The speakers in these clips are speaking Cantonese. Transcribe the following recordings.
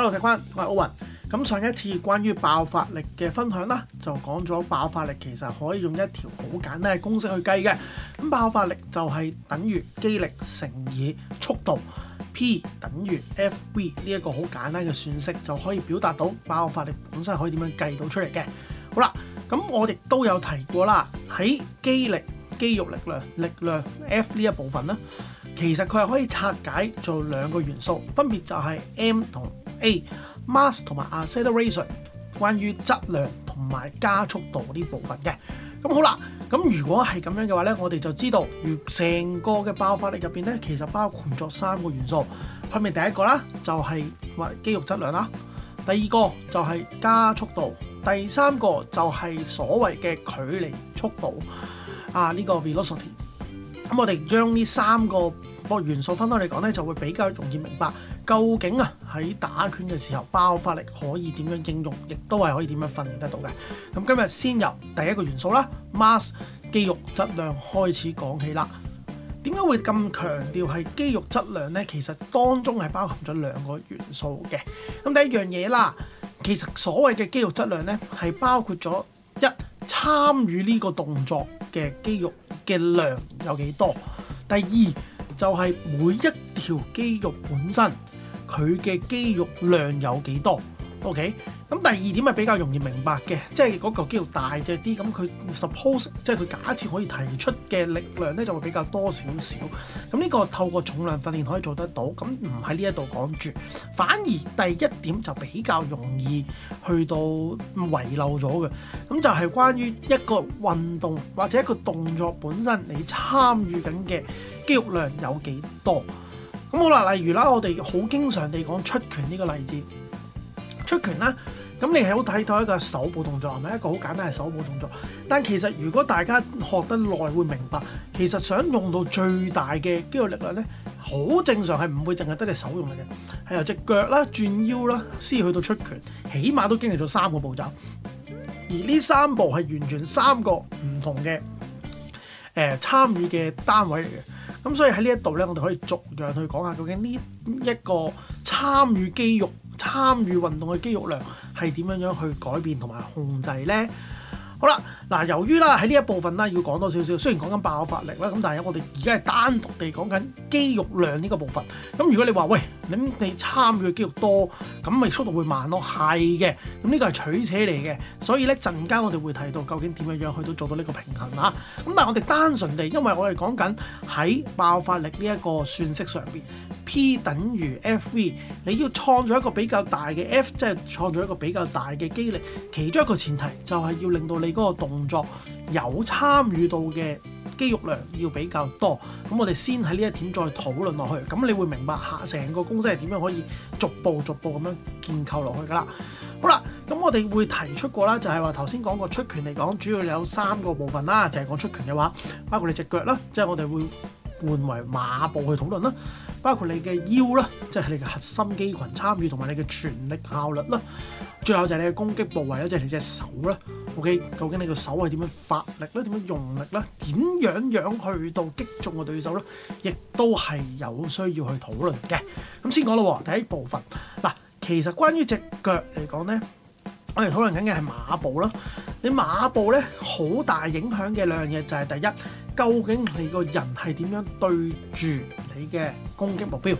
Hello 大家好，我係 Owen。咁上一次關於爆發力嘅分享啦，就講咗爆發力其實可以用一條好簡單嘅公式去計嘅。咁爆發力就係等於肌力乘以速度，P 等於 FV 呢一個好簡單嘅算式，就可以表達到爆發力本身可以點樣計到出嚟嘅。好啦，咁我哋都有提過啦，喺肌力、肌肉力量、力量 F 呢一部分咧。其實佢係可以拆解做兩個元素，分別就係 m 同 a，mass 同埋 acceleration，關於質量同埋加速度呢部分嘅。咁好啦，咁如果係咁樣嘅話咧，我哋就知道，如成個嘅爆發力入邊咧，其實包括咗三個元素。分別第一個啦，就係肌肉質量啦；第二個就係加速度；第三個就係所謂嘅距離速度，啊，呢個 velocity。咁我哋將呢三個個元素分開嚟講咧，就會比較容易明白究竟啊喺打拳嘅時候，爆發力可以點樣應用，亦都係可以點樣訓練得到嘅。咁今日先由第一個元素啦，muscle mass 肌肉質量開始講起啦。點解會咁強調係肌肉質量咧？其實當中係包含咗兩個元素嘅。咁第一樣嘢啦，其實所謂嘅肌肉質量咧，係包括咗一參與呢個動作嘅肌肉。嘅量有幾多？第二就係每一條肌肉本身佢嘅肌肉量有幾多？OK。咁第二點係比較容易明白嘅，即係嗰嚿肌肉大隻啲，咁佢 suppose 即係佢假設可以提出嘅力量咧，就會比較多少少。咁呢個透過重量訓練可以做得到，咁唔喺呢一度講住。反而第一點就比較容易去到遺漏咗嘅，咁就係關於一個運動或者一個動作本身你參與緊嘅肌肉量有幾多。咁好啦，例如啦，我哋好經常地講出拳呢個例子。出拳啦，咁你係好睇到一個手部動作，係咪一個好簡單嘅手部動作？但其實如果大家學得耐，會明白，其實想用到最大嘅肌肉力量咧，好正常係唔會淨係得隻手用嘅，係由隻腳啦、轉腰啦，先去到出拳，起碼都經歷咗三個步驟。而呢三步係完全三個唔同嘅誒參與嘅單位嚟嘅。咁所以喺呢一度咧，我哋可以逐樣去講下，究竟呢一個參與肌肉。參與運動嘅肌肉量係點樣樣去改變同埋控制呢？好啦，嗱，由於啦喺呢一部分啦要講多少少，雖然講緊爆發力啦，咁但係我哋而家係單獨地講緊肌肉量呢個部分。咁如果你話喂，你參與嘅肌肉多，咁咪速度會慢咯。係嘅，咁呢個係取捨嚟嘅。所以咧陣間我哋會提到究竟點樣樣去到做到呢個平衡啊？咁但係我哋單純地，因為我哋講緊喺爆發力呢一個算式上邊，P 等於 FV，你要創造一個比較大嘅 F，即係創造一個比較大嘅肌力。其中一個前提就係要令到你嗰個動作有參與到嘅。肌肉量要比較多，咁我哋先喺呢一點再討論落去，咁你會明白嚇成個公式係點樣可以逐步逐步咁樣建構落去㗎啦。好啦，咁我哋會提出過啦，就係話頭先講過出拳嚟講主要有三個部分啦，就係講出拳嘅話，包括你隻腳啦，即係我哋會換為馬步去討論啦，包括你嘅腰啦，即係你嘅核心肌群參與同埋你嘅全力效率啦，最後就係你嘅攻擊部位啦，即係你隻手啦。O.K.，究竟你個手係點樣發力咧？點樣用力咧？點樣樣去到擊中個對手咧？亦都係有需要去討論嘅。咁先講咯，第一部分嗱，其實關於隻腳嚟講咧，我哋討論緊嘅係馬步啦。你馬步咧，好大影響嘅兩樣嘢就係第一，究竟你個人係點樣對住你嘅攻擊目標？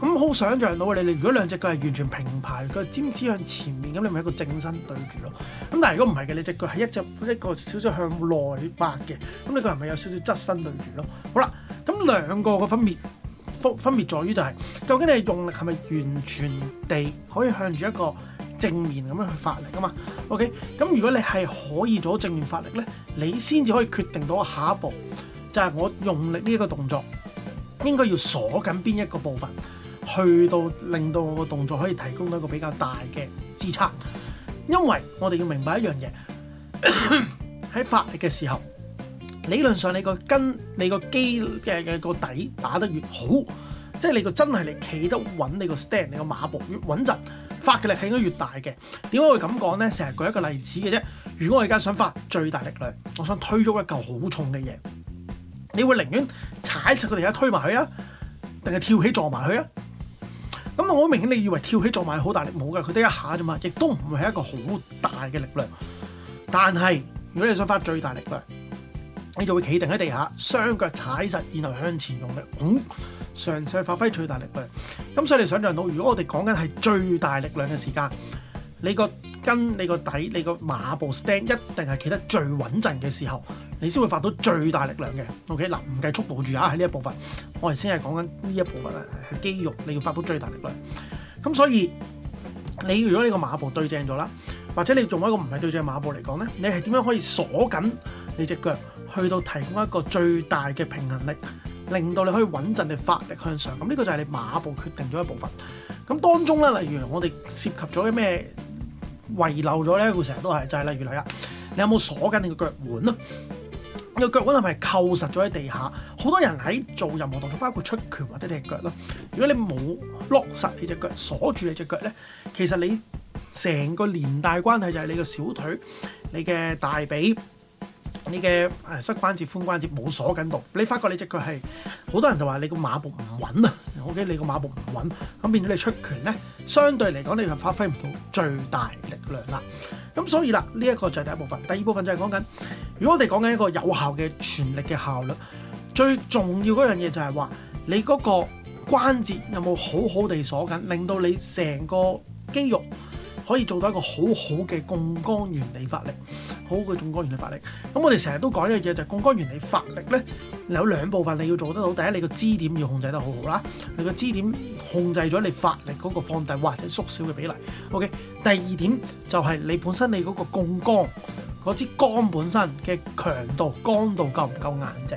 咁好想像到你，你如果兩隻腳係完全平排，佢個尖尖向前面咁，你咪一個正身對住咯。咁但係如果唔係嘅，你隻腳係一隻一個少少向內八嘅，咁你個人咪有少少側身對住咯。好啦，咁兩個嘅分別分分別在於就係究竟你用力係咪完全地可以向住一個正面咁樣去發力啊嘛？OK，咁如果你係可以做到正面發力咧，你先至可以決定到下一步就係我用力呢一個動作應該要鎖緊邊一個部分。去到令到我個動作可以提供到一個比較大嘅支撐，因為我哋要明白一樣嘢，喺發力嘅時候，理論上你個根、你個肌嘅嘅個底打得越好，即係你個真係你企得穩，你個 step、你個馬步越穩陣，發嘅力係應該越大嘅。點解會咁講咧？成日舉一個例子嘅啫。如果我而家想發最大力量，我想推咗一嚿好重嘅嘢，你會寧願踩實個地而家推埋佢啊，定係跳起撞埋佢啊？我好明顯，你以為跳起做埋好大力冇㗎，佢得一下啫嘛，亦都唔會係一個好大嘅力量。但係如果你想發最大力量，你就會企定喺地下，雙腳踩實，然後向前用力拱，哦，嘗試發揮最大力量。咁所以你想象到，如果我哋講緊係最大力量嘅時間，你個根、你個底、你個馬步 stand 一定係企得最穩陣嘅時候。你先會發到最大力量嘅，OK 嗱，唔計速度住啊，喺呢一部分，我哋先係講緊呢一部分啊，係肌肉你要發到最大力量。咁所以你如果你個馬步對正咗啦，或者你做一個唔係對正馬步嚟講咧，你係點樣可以鎖緊你隻腳，去到提供一個最大嘅平衡力，令到你可以穩陣地發力向上。咁呢個就係你馬步決定咗一部分。咁當中咧，例如我哋涉及咗啲咩遺漏咗咧，會成日都係，就係、係、例如嚟啦，你有冇鎖緊你個腳腕啊？個腳腕係咪扣實咗喺地下？好多人喺做任何動作，包括出拳或者踢腳咯。如果你冇落實你隻腳，鎖住你隻腳咧，其實你成個連帶關係就係你個小腿、你嘅大髀、你嘅誒膝關節、髖關節冇鎖緊度。你發覺你隻腳係好多人就話你個馬步唔穩啊！O.K. 你個馬步唔穩，咁變咗你出拳咧，相對嚟講你就發揮唔到最大力量啦。咁所以啦，呢一個就係第一部分，第二部分就係講緊，如果我哋講緊一個有效嘅全力嘅效率，最重要嗰樣嘢就係話，你嗰個關節有冇好好地鎖緊，令到你成個肌肉。可以做到一個好好嘅槓桿原理發力，好嘅槓桿原理發力。咁我哋成日都講一樣嘢，就係槓桿原理發力咧，有兩部分你要做得到。第一，你個支點要控制得好好啦，你個支點控制咗你發力嗰個放大或者縮小嘅比例。OK，第二點就係你本身你嗰個槓桿嗰支桿本身嘅強度、剛度夠唔夠硬淨？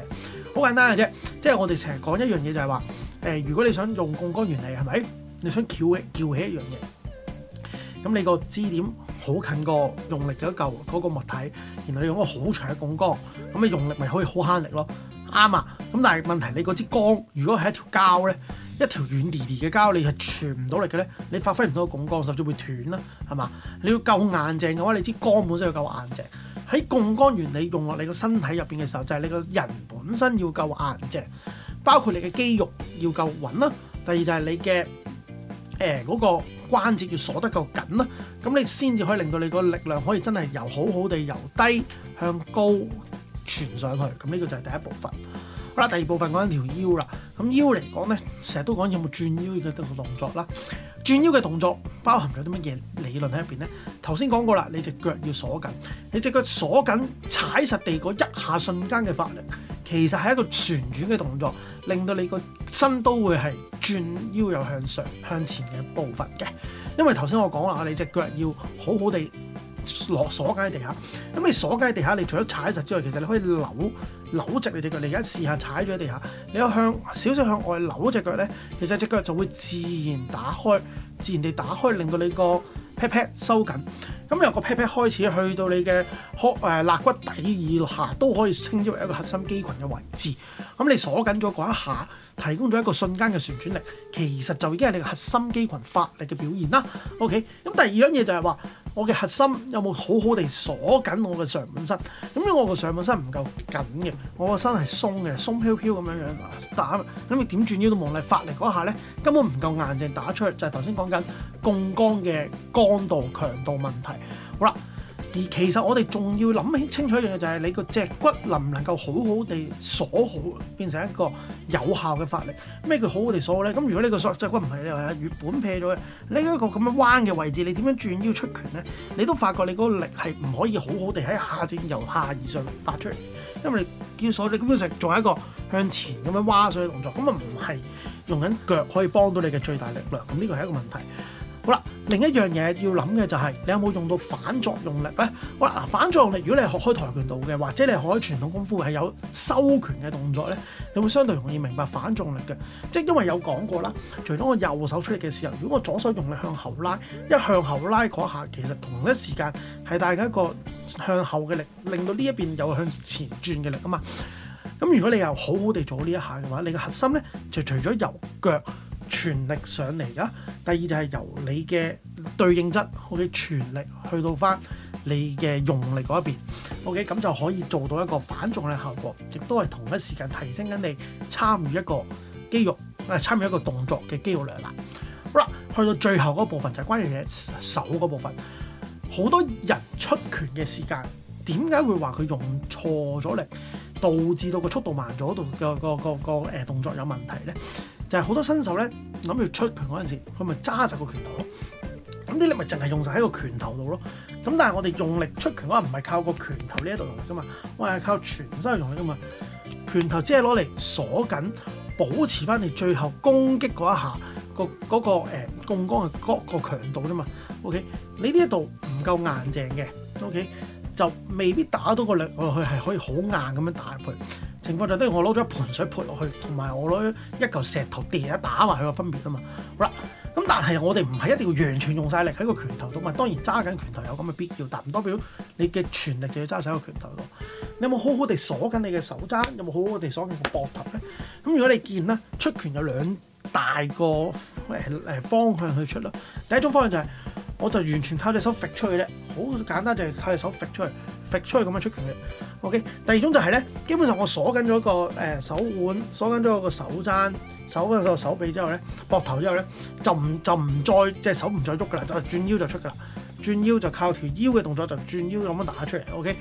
好簡單嘅啫，即係我哋成日講一樣嘢就係話，誒、呃，如果你想用槓桿原理，係咪你想翹起翹起一樣嘢？咁你個支點好近個用力嘅一嚿嗰個物體，然後你用個好長嘅槓桿，咁你用力咪可以好慳力咯，啱啊。咁但係問題是你嗰支桿如果係一條膠咧，一條軟哋哋嘅膠，你係傳唔到力嘅咧，你發揮唔到槓桿，甚至會斷啦，係嘛？你要夠硬淨嘅話，你支桿本身要夠硬淨。喺槓桿原理用落你個身體入邊嘅時候，就係、是、你個人本身要夠硬淨，包括你嘅肌肉要夠穩啦。第二就係你嘅誒嗰個關節要鎖得夠緊啦，咁你先至可以令到你個力量可以真係由好好地由低向高傳上去，咁呢個就係第一部分。好啦，第二部分講緊條腰啦，咁腰嚟講呢，成日都講有冇轉腰嘅動作啦。轉腰嘅動作包含咗啲乜嘢理論喺入邊呢？頭先講過啦，你隻腳要鎖緊，你隻腳鎖緊踩實地嗰一下瞬間嘅發力。其實係一個旋轉嘅動作，令到你個身都會係轉腰又向上向前嘅步伐嘅。因為頭先我講啦，你隻腳要好好地落鎖緊喺地下。咁你鎖緊喺地下，你除咗踩實之外，其實你可以扭扭直你隻腳。你而家試下踩咗喺地下，你有向少少向外扭隻腳咧，其實隻腳就會自然打開，自然地打開，令到你個 pat pat 收緊，咁由個 pat pat 開始去到你嘅可肋骨底以下都可以稱之為一個核心肌群嘅位置，咁你鎖緊咗嗰一下，提供咗一個瞬間嘅旋轉力，其實就已經係你嘅核心肌群發力嘅表現啦。OK，咁第二樣嘢就係話。我嘅核心有冇好好地鎖緊我嘅上半身？咁因為我個上半身唔夠緊嘅，我個身係鬆嘅，鬆飄飄咁樣樣打，咁你點轉腰都望咧。發力嗰下咧，根本唔夠硬淨打出去，就係頭先講緊槓桿嘅剛度強度問題。好啦。而其實我哋仲要諗清楚一樣嘢，就係你個脊骨能唔能夠好好地鎖好，變成一個有效嘅發力。咩叫好好地鎖咧？咁如果呢個鎖脊骨唔係你話月本劈咗嘅，呢一個咁樣彎嘅位置，你點樣轉腰出拳咧？你都發覺你嗰個力係唔可以好好地喺下線由下而上發出嚟，因為叫鎖你根本上做一個向前咁樣彎上去動作，咁啊唔係用緊腳可以幫到你嘅最大力量。咁呢個係一個問題。好啦，另一樣嘢要諗嘅就係、是、你有冇用到反作用力咧？好啦，反作用力，如果你係學開跆拳道嘅，或者你係學開傳統功夫，係有收拳嘅動作咧，你會相對容易明白反作用力嘅。即係因為有講過啦，除咗我右手出力嘅時候，如果我左手用力向後拉，一向後拉嗰下，其實同一時間係大家一個向後嘅力，令到呢一邊有向前轉嘅力啊嘛。咁如果你又好好地做呢一下嘅話，你嘅核心咧就除咗由腳，全力上嚟啦！第二就係由你嘅對應質，O.K.，全力去到翻你嘅用力嗰一邊，O.K.，咁就可以做到一個反重力效果，亦都係同一時間提升緊你參與一個肌肉啊，呃、參與一個動作嘅肌肉量啦。好啦，去到最後嗰部分就係關於你手嗰部分。好多人出拳嘅時間，點解會話佢用錯咗力，導致到個速度慢咗，度個個個個誒、呃、動作有問題咧？但係好多新手咧，諗住出拳嗰陣時候，佢咪揸實個拳頭咯。咁啲力咪淨係用晒喺個拳頭度咯。咁但係我哋用力出拳嗰下唔係靠個拳頭呢一度用嘅嘛，我係靠全身去用嘅嘛。拳頭只係攞嚟鎖緊，保持翻你最後攻擊嗰一下、嗰個嗰、嗰個誒槓桿嘅嗰個強度啫嘛。OK，你呢一度唔夠硬淨嘅，OK 就未必打到個力落去係可以好硬咁樣打入去。情況就等於我攞咗一盆水潑落去，同埋我攞一嚿石頭跌一打埋佢嘅分別啊嘛。好啦，咁但係我哋唔係一定要完全用晒力喺個拳頭度。當然揸緊拳頭有咁嘅必要，但唔代表你嘅全力就要揸晒個拳頭度。你有冇好好地鎖緊你嘅手踭？有冇好好地鎖緊個膊頭咧？咁如果你見呢，出拳有兩大個誒誒方向去出啦，第一種方向就係，我就完全靠隻手揈出去咧，好簡單就係靠隻手揈出去，揈、就是、出去咁樣出拳嘅。OK，第二種就係、是、呢，基本上我鎖緊咗個誒、呃、手腕，鎖緊咗個手踭，鎖緊咗個手臂之後呢，膊頭之後呢，就唔就唔再隻、就是、手唔再喐㗎啦，就轉腰就出㗎啦，轉腰就靠條腰嘅動作就轉腰咁樣打出嚟。OK，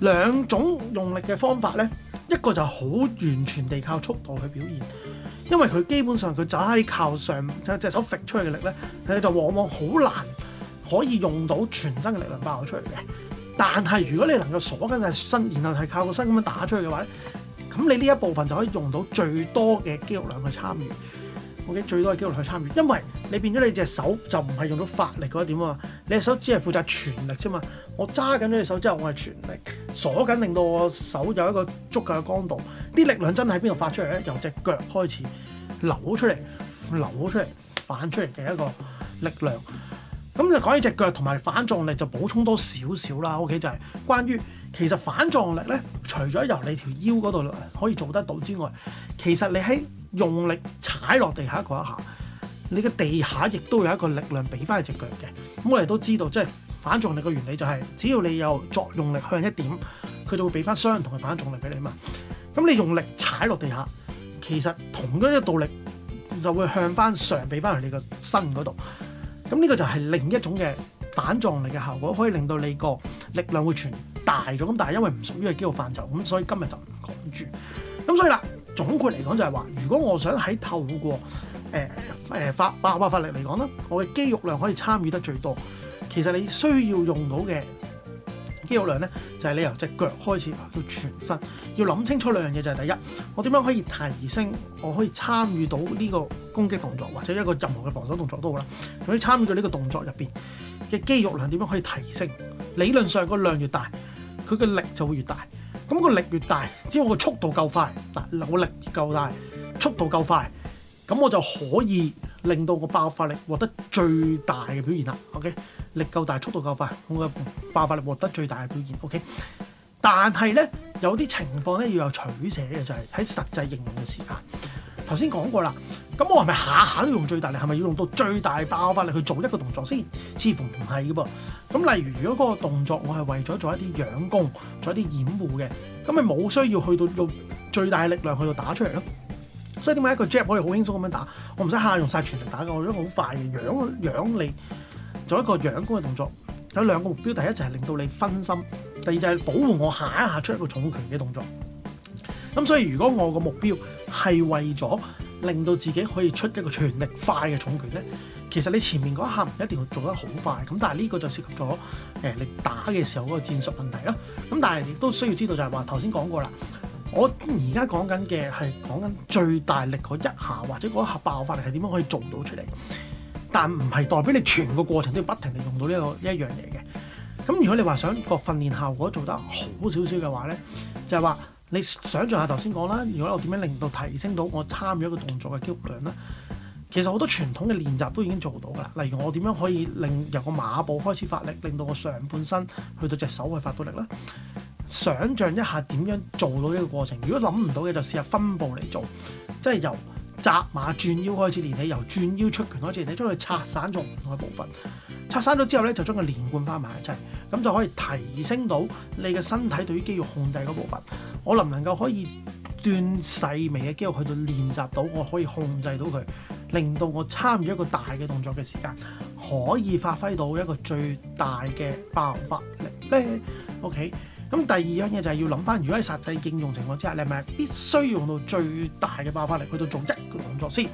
兩種用力嘅方法呢，一個就好完全地靠速度去表現。因為佢基本上佢就喺靠上就隻手揈出去嘅力咧，佢就往往好難可以用到全身嘅力量爆出嚟嘅。但係如果你能夠鎖緊隻身，然後係靠個身咁樣打出去嘅話咧，咁你呢一部分就可以用到最多嘅肌肉量去參與。OK，最多嘅肌肉量去參與，因為你變咗你隻手就唔係用到法力嗰一點啊。你隻手只係負責全力啫嘛，我揸緊咗隻手之後，我係全力鎖緊，令到我手有一個足夠嘅剛度。啲力量真係喺邊度發出嚟咧？由隻腳開始扭出嚟，扭出嚟反出嚟嘅一個力量。咁就講起隻腳同埋反作用力就補充多少少啦。OK 就係關於其實反作用力咧，除咗由你條腰嗰度可以做得到之外，其實你喺用力踩落地下嗰一下。你嘅地下亦都有一個力量俾翻你隻腳嘅，咁我哋都知道，即係反作用力嘅原理就係，只要你有作用力向一點，佢就會俾翻相同嘅反作用力俾你嘛。咁你用力踩落地下，其實同樣嘅動力就會向翻上，俾翻去你個身嗰度。咁呢個就係另一種嘅反作用力嘅效果，可以令到你個力量會傳大咗。咁但係因為唔屬於呢個肌肉範疇，咁所以今日就唔講住。咁所以啦，總括嚟講就係話，如果我想喺透過誒誒發爆發力嚟講咧，我嘅肌肉量可以參與得最多。其實你需要用到嘅肌肉量咧，就係、是、你由隻腳開始到全身，要諗清楚兩樣嘢，就係、是、第一，我點樣可以提升我可以參與到呢個攻擊動作，或者一個任何嘅防守動作都好啦，可以參與到呢個動作入邊嘅肌肉量點樣可以提升？理論上個量越大，佢嘅力就會越大。咁個力越大，只要個速度夠快，我力夠大，速度夠快。咁我就可以令到我爆發力獲得最大嘅表現啦。OK，力夠大，速度夠快，我嘅爆發力獲得最大嘅表現。OK，但係咧，有啲情況咧要有取捨嘅，就係喺實際應用嘅時間。頭先講過啦，咁我係咪下下都用最大力？係咪要用到最大爆發力去做一個動作先？似乎唔係嘅噃。咁例如如果嗰個動作我係為咗做一啲佯攻、做一啲掩護嘅，咁咪冇需要去到用最大嘅力量去到打出嚟咯。所以點解一個 jab 可以好輕鬆咁樣打？我唔使下用晒全力打㗎，我覺得好快嘅。樣樣你做一個佯攻嘅動作，有兩個目標。第一就係令到你分心，第二就係保護我下一下出一個重拳嘅動作。咁所以如果我個目標係為咗令到自己可以出一個全力快嘅重拳咧，其實你前面嗰一下唔一定要做得好快。咁但係呢個就涉及咗誒、呃、你打嘅時候嗰個戰術問題啦。咁但係亦都需要知道就係話頭先講過啦。我而家講緊嘅係講緊最大力嗰一下或者嗰一下爆發力係點樣可以做到出嚟，但唔係代表你全個過程都要不停地用到呢個一樣嘢嘅。咁如果你話想個訓練效果做得好少少嘅話咧，就係話你想像下頭先講啦，如果我點樣令到提升到我參與一個動作嘅肌肉量咧，其實好多傳統嘅練習都已經做到㗎喇。例如我點樣可以令由個馬步開始發力，令到我上半身去到隻手去發到力咧。想象一下點樣做到呢個過程。如果諗唔到嘅，就試下分步嚟做，即係由扎馬轉腰開始練起，由轉腰出拳開始練起，將佢拆散做唔同嘅部分。拆散咗之後咧，就將佢連貫返埋一齊，咁就可以提升到你嘅身體對於肌肉控制嗰部分。我能唔能夠可以斷細微嘅肌肉去到練習到，我可以控制到佢，令到我參與一個大嘅動作嘅時間可以發揮到一個最大嘅爆發力咧？OK。咁第二樣嘢就係要諗翻，如果喺實際應用情況之下，你係咪必須用到最大嘅爆發力去到做一個動作先？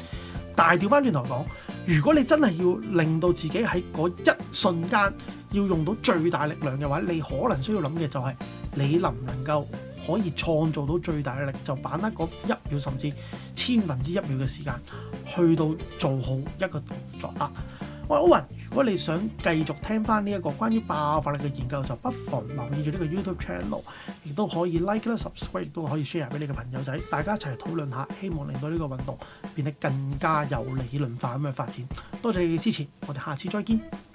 但係調翻轉頭講，如果你真係要令到自己喺嗰一瞬間要用到最大力量嘅話，你可能需要諗嘅就係、是，你能唔能夠可以創造到最大嘅力，就把握嗰一秒甚至千分之一秒嘅時間，去到做好一個動作？喂 Owen，如果你想繼續聽翻呢一個關於爆發力嘅研究，就不妨留意住呢個 YouTube channel，亦都可以 like subscribe，亦都可以 share 俾你嘅朋友仔，大家一齊討論下，希望令到呢個運動變得更加有理論化咁樣發展。多謝你嘅支持，我哋下次再見。